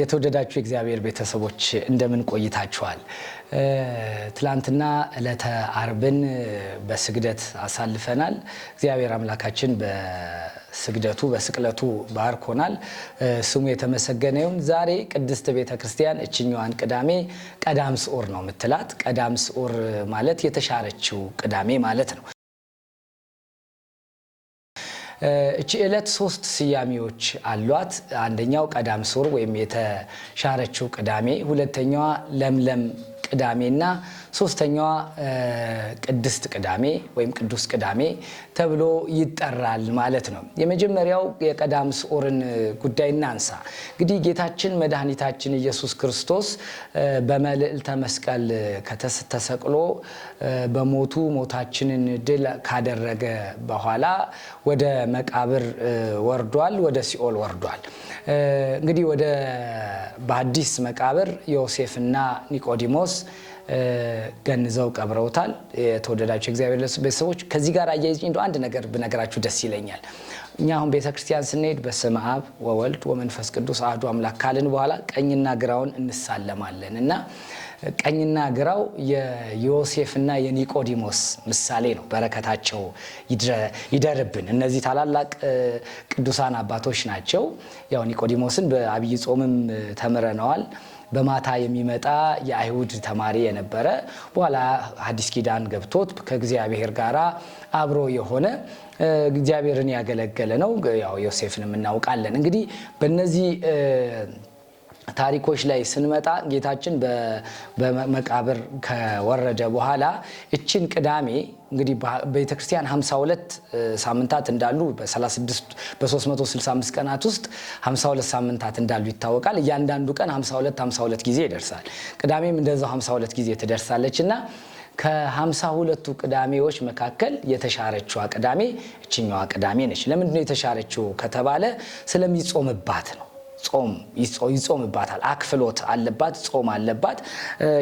የተወደዳችሁ የእግዚአብሔር ቤተሰቦች እንደምን ቆይታችኋል? ትላንትና ዕለተ አርብን በስግደት አሳልፈናል። እግዚአብሔር አምላካችን በስግደቱ በስቅለቱ ባርኮናል። ስሙ የተመሰገነ ይሁን። ዛሬ ቅድስት ቤተ ክርስቲያን እችኛዋን ቅዳሜ ቀዳም ስዑር ነው የምትላት። ቀዳም ስዑር ማለት የተሻረችው ቅዳሜ ማለት ነው። እቺ ዕለት ሶስት ስያሜዎች አሏት። አንደኛው ቀዳም ሱር ወይም የተሻረችው ቅዳሜ፣ ሁለተኛዋ ለምለም ቅዳሜና ሶስተኛዋ ቅድስት ቅዳሜ ወይም ቅዱስ ቅዳሜ ተብሎ ይጠራል ማለት ነው። የመጀመሪያው የቀዳም ስዑርን ጉዳይ እናንሳ። እንግዲህ ጌታችን መድኃኒታችን ኢየሱስ ክርስቶስ በመልዕልተ መስቀል ተሰቅሎ በሞቱ ሞታችንን ድል ካደረገ በኋላ ወደ መቃብር ወርዷል፣ ወደ ሲኦል ወርዷል። እንግዲህ ወደ በአዲስ መቃብር ዮሴፍና ኒቆዲሞስ ገንዘው ቀብረውታል። የተወደዳቸው እግዚአብሔር ቤተሰቦች ከዚህ ጋር አያይዝ እንደ አንድ ነገር ብነገራችሁ ደስ ይለኛል። እኛ አሁን ቤተ ክርስቲያን ስንሄድ በስመ አብ ወወልድ ወመንፈስ ቅዱስ አህዱ አምላክ ካልን በኋላ ቀኝና ግራውን እንሳለማለን እና ቀኝና ግራው የዮሴፍና የኒቆዲሞስ ምሳሌ ነው። በረከታቸው ይደርብን። እነዚህ ታላላቅ ቅዱሳን አባቶች ናቸው። ያው ኒቆዲሞስን በአብይ ጾምም ተምረነዋል። በማታ የሚመጣ የአይሁድ ተማሪ የነበረ በኋላ ሀዲስ ኪዳን ገብቶት ከእግዚአብሔር ጋር አብሮ የሆነ እግዚአብሔርን ያገለገለ ነው። ያው ዮሴፍንም እናውቃለን። እንግዲህ በነዚህ ። ታሪኮች ላይ ስንመጣ ጌታችን በመቃብር ከወረደ በኋላ እችን ቅዳሜ እንግዲህ ቤተክርስቲያን 52 ሳምንታት እንዳሉ በ365 ቀናት ውስጥ 52 ሳምንታት እንዳሉ ይታወቃል። እያንዳንዱ ቀን 52 52 ጊዜ ይደርሳል። ቅዳሜም እንደዛው 52 ጊዜ ትደርሳለች እና ከሀምሳ ሁለቱ ቅዳሜዎች መካከል የተሻረችዋ ቅዳሜ እችኛዋ ቅዳሜ ነች። ለምንድነው የተሻረችው ከተባለ ስለሚጾምባት ነው። ጾም ይጾምባታል። አክፍሎት አለባት፣ ጾም አለባት።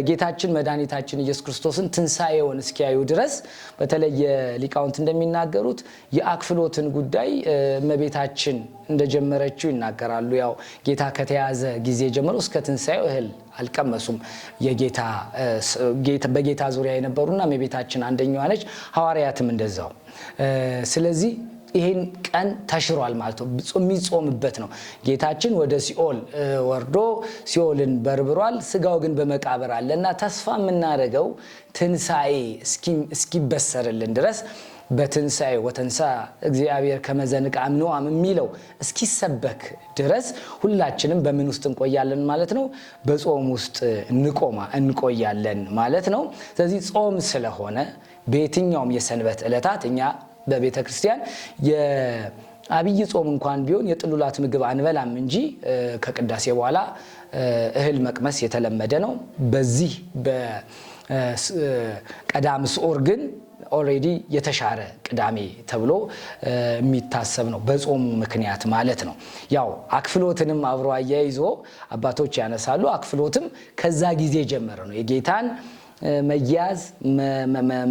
ጌታችን መድኃኒታችን ኢየሱስ ክርስቶስን ትንሣኤውን እስኪያዩ ድረስ በተለይ የሊቃውንት እንደሚናገሩት የአክፍሎትን ጉዳይ እመቤታችን እንደጀመረችው ይናገራሉ። ያው ጌታ ከተያዘ ጊዜ ጀምሮ እስከ ትንሣኤው እህል አልቀመሱም። በጌታ ዙሪያ የነበሩና መቤታችን አንደኛዋ ነች፣ ሐዋርያትም እንደዛው። ስለዚህ ይህን ቀን ተሽሯል ማለት ነው። የሚጾምበት ነው። ጌታችን ወደ ሲኦል ወርዶ ሲኦልን በርብሯል። ስጋው ግን በመቃብር አለ እና ተስፋ የምናደርገው ትንሣኤ እስኪበሰርልን ድረስ በትንሣኤ ወተንሳ እግዚአብሔር ከመዘንቅ አምኖም የሚለው እስኪሰበክ ድረስ ሁላችንም በምን ውስጥ እንቆያለን ማለት ነው? በጾም ውስጥ እንቆማ እንቆያለን ማለት ነው። ስለዚህ ጾም ስለሆነ በየትኛውም የሰንበት ዕለታት እኛ በቤተ ክርስቲያን የአብይ ጾም እንኳን ቢሆን የጥሉላት ምግብ አንበላም እንጂ ከቅዳሴ በኋላ እህል መቅመስ የተለመደ ነው። በዚህ በቀዳም ስዑር ግን ኦልሬዲ የተሻረ ቅዳሜ ተብሎ የሚታሰብ ነው። በጾሙ ምክንያት ማለት ነው። ያው አክፍሎትንም አብሮ አያይዞ አባቶች ያነሳሉ። አክፍሎትም ከዛ ጊዜ ጀመረ ነው የጌታን መያዝ፣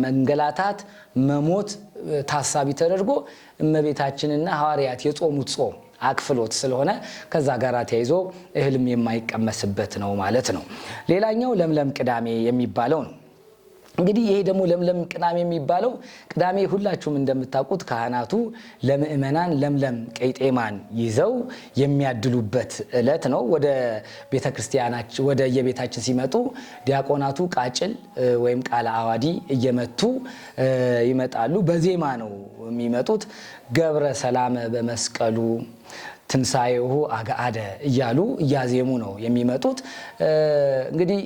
መንገላታት፣ መሞት ታሳቢ ተደርጎ እመቤታችንና ሐዋርያት የጾሙት ጾም አክፍሎት ስለሆነ ከዛ ጋር ተያይዞ እህልም የማይቀመስበት ነው ማለት ነው። ሌላኛው ለምለም ቅዳሜ የሚባለው ነው። እንግዲህ ይሄ ደግሞ ለምለም ቅዳሜ የሚባለው ቅዳሜ ሁላችሁም እንደምታውቁት ካህናቱ ለምእመናን ለምለም ቀይጤማን ይዘው የሚያድሉበት እለት ነው። ወደ ቤተክርስቲያናችን ወደ የቤታችን ሲመጡ ዲያቆናቱ ቃጭል ወይም ቃለ አዋዲ እየመቱ ይመጣሉ። በዜማ ነው የሚመጡት። ገብረ ሰላመ በመስቀሉ ትንሣኤሁ አገአደ እያሉ እያዜሙ ነው የሚመጡት። እንግዲህ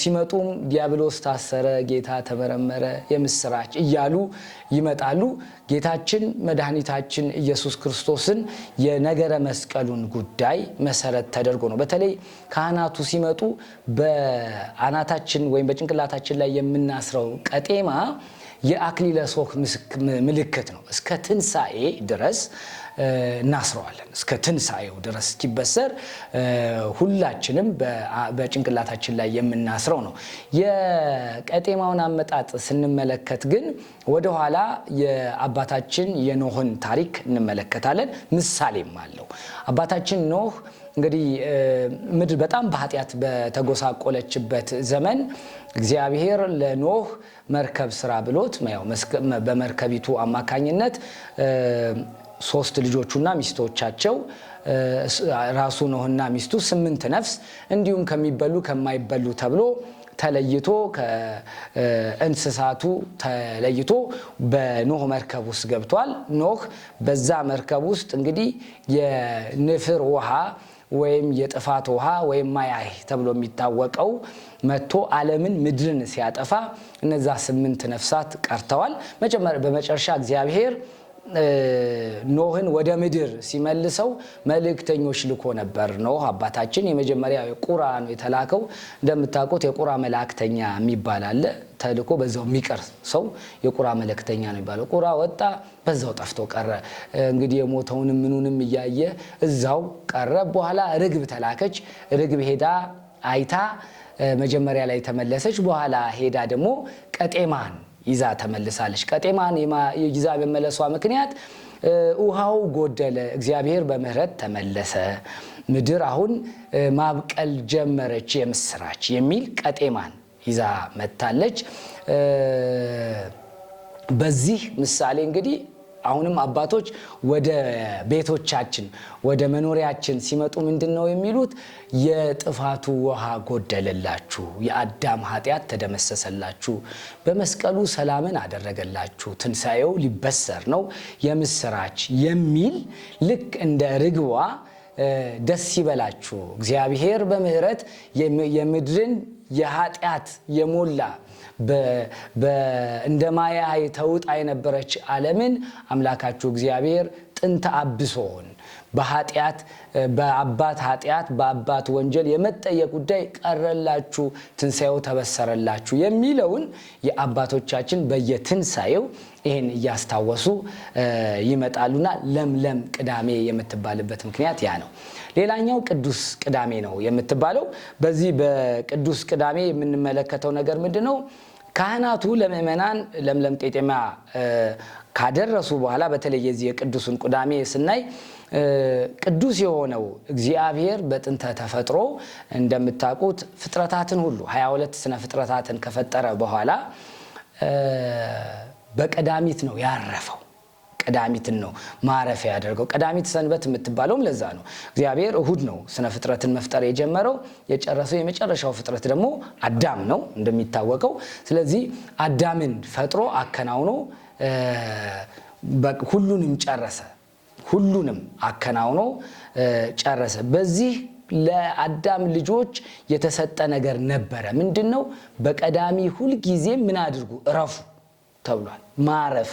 ሲመጡም ዲያብሎስ ታሰረ፣ ጌታ ተመረመረ፣ የምስራች እያሉ ይመጣሉ። ጌታችን መድኃኒታችን ኢየሱስ ክርስቶስን የነገረ መስቀሉን ጉዳይ መሰረት ተደርጎ ነው። በተለይ ካህናቱ ሲመጡ በአናታችን ወይም በጭንቅላታችን ላይ የምናስረው ቀጤማ የአክሊለ ሦክ ምልክት ነው። እስከ ትንሣኤ ድረስ እናስረዋለን እስከ ትንሣኤው ድረስ እስኪበሰር ሁላችንም በጭንቅላታችን ላይ የምናስረው ነው። የቀጤማውን አመጣጥ ስንመለከት ግን ወደኋላ የአባታችን የኖህን ታሪክ እንመለከታለን። ምሳሌም አለው። አባታችን ኖህ እንግዲህ ምድር በጣም በኃጢአት በተጎሳቆለችበት ዘመን እግዚአብሔር ለኖህ መርከብ ስራ ብሎት በመርከቢቱ አማካኝነት ሶስት ልጆቹና ሚስቶቻቸው ራሱ ኖህና ሚስቱ ስምንት ነፍስ እንዲሁም ከሚበሉ ከማይበሉ ተብሎ ተለይቶ ከእንስሳቱ ተለይቶ በኖህ መርከብ ውስጥ ገብቷል። ኖህ በዛ መርከብ ውስጥ እንግዲህ የንፍር ውሃ ወይም የጥፋት ውሃ ወይም ማያህ ተብሎ የሚታወቀው መጥቶ አለምን ምድርን ሲያጠፋ እነዛ ስምንት ነፍሳት ቀርተዋል። በመጨረሻ እግዚአብሔር ኖህን ወደ ምድር ሲመልሰው መልእክተኞች ልኮ ነበር። ኖህ አባታችን የመጀመሪያ ቁራ ነው የተላከው። እንደምታውቁት የቁራ መላእክተኛ የሚባል አለ። ተልኮ በዛው የሚቀር ሰው የቁራ መላእክተኛ ነው የሚባለው። ቁራ ወጣ፣ በዛው ጠፍቶ ቀረ። እንግዲህ የሞተውንም ምኑንም እያየ እዛው ቀረ። በኋላ ርግብ ተላከች። ርግብ ሄዳ አይታ መጀመሪያ ላይ ተመለሰች። በኋላ ሄዳ ደግሞ ቀጤማን ይዛ ተመልሳለች። ቀጤማን ይዛ በመለሷ ምክንያት ውሃው ጎደለ፣ እግዚአብሔር በምሕረት ተመለሰ፣ ምድር አሁን ማብቀል ጀመረች፣ የምስራች የሚል ቀጤማን ይዛ መታለች። በዚህ ምሳሌ እንግዲህ አሁንም አባቶች ወደ ቤቶቻችን ወደ መኖሪያችን ሲመጡ ምንድን ነው የሚሉት? የጥፋቱ ውሃ ጎደለላችሁ፣ የአዳም ኃጢአት ተደመሰሰላችሁ፣ በመስቀሉ ሰላምን አደረገላችሁ፣ ትንሣኤው ሊበሰር ነው የምስራች የሚል ልክ እንደ ርግቧ ደስ ይበላችሁ፣ እግዚአብሔር በምሕረት የምድርን የኃጢአት የሞላ እንደ ማያ ተውጣ የነበረች ዓለምን አምላካችሁ እግዚአብሔር ጥንተ አብሶን በኃጢአት በአባት ኃጢአት በአባት ወንጀል የመጠየቅ ጉዳይ ቀረላችሁ፣ ትንሣኤው ተበሰረላችሁ የሚለውን የአባቶቻችን በየትንሣኤው ይህን እያስታወሱ ይመጣሉና ለምለም ቅዳሜ የምትባልበት ምክንያት ያ ነው። ሌላኛው ቅዱስ ቅዳሜ ነው የምትባለው። በዚህ በቅዱስ ቅዳሜ የምንመለከተው ነገር ምንድን ነው? ካህናቱ ለምእመናን ለምለም ቄጤማ ካደረሱ በኋላ በተለይ የዚህ የቅዱሱን ቁዳሜ ስናይ ቅዱስ የሆነው እግዚአብሔር በጥንተ ተፈጥሮ እንደምታውቁት ፍጥረታትን ሁሉ 22 ስነ ፍጥረታትን ከፈጠረ በኋላ በቀዳሚት ነው ያረፈው። ቀዳሚትን ነው ማረፊያ ያደርገው። ቀዳሚት ሰንበት የምትባለውም ለዛ ነው። እግዚአብሔር እሁድ ነው ስነ ፍጥረትን መፍጠር የጀመረው። የጨረሰው የመጨረሻው ፍጥረት ደግሞ አዳም ነው እንደሚታወቀው። ስለዚህ አዳምን ፈጥሮ አከናውኖ ሁሉንም ጨረሰ። ሁሉንም አከናውኖ ጨረሰ። በዚህ ለአዳም ልጆች የተሰጠ ነገር ነበረ። ምንድን ነው? በቀዳሚ ሁልጊዜ ምን አድርጉ? እረፉ ተብሏል። ማረፍ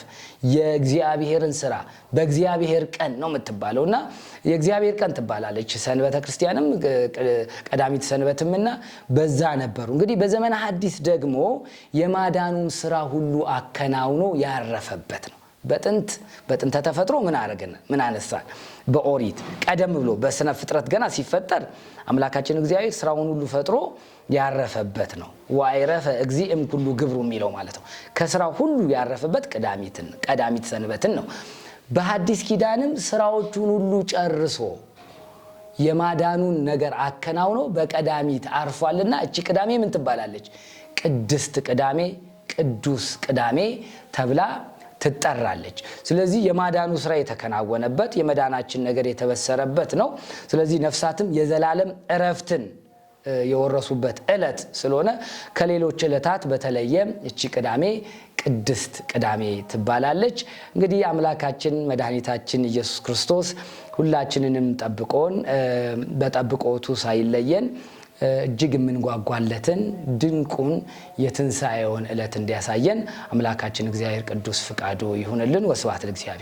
የእግዚአብሔርን ስራ በእግዚአብሔር ቀን ነው የምትባለው እና የእግዚአብሔር ቀን ትባላለች ሰንበተ ክርስቲያንም ቀዳሚት እና በዛ ነበሩ። እንግዲህ በዘመነ ሐዲስ ደግሞ የማዳኑን ስራ ሁሉ አከናውኖ ያረፈበት ነው። በጥንት በጥንተ ተፈጥሮ ምን አረገን? ምን አነሳን? በኦሪት ቀደም ብሎ በስነ ፍጥረት ገና ሲፈጠር አምላካችን እግዚአብሔር ስራውን ሁሉ ፈጥሮ ያረፈበት ነው። ዋይረፈ እግዚእም ኩሉ ግብሩ የሚለው ማለት ነው። ከስራ ሁሉ ያረፈበት ቀዳሚት ሰንበትን ነው። በሐዲስ ኪዳንም ስራዎቹን ሁሉ ጨርሶ የማዳኑን ነገር አከናውኖ በቀዳሚት አርፏልና እቺ ቅዳሜ ምን ትባላለች? ቅድስት ቅዳሜ፣ ቅዱስ ቅዳሜ ተብላ ትጠራለች። ስለዚህ የማዳኑ ስራ የተከናወነበት የመዳናችን ነገር የተበሰረበት ነው። ስለዚህ ነፍሳትም የዘላለም እረፍትን የወረሱበት ዕለት ስለሆነ ከሌሎች ዕለታት በተለየ እቺ ቅዳሜ ቅድስት ቅዳሜ ትባላለች። እንግዲህ አምላካችን መድኃኒታችን ኢየሱስ ክርስቶስ ሁላችንንም ጠብቆን በጠብቆቱ ሳይለየን እጅግ የምንጓጓለትን ድንቁን የትንሣኤውን ዕለት እንዲያሳየን አምላካችን እግዚአብሔር ቅዱስ ፍቃዱ ይሁንልን። ወስብሐት ለእግዚአብሔር።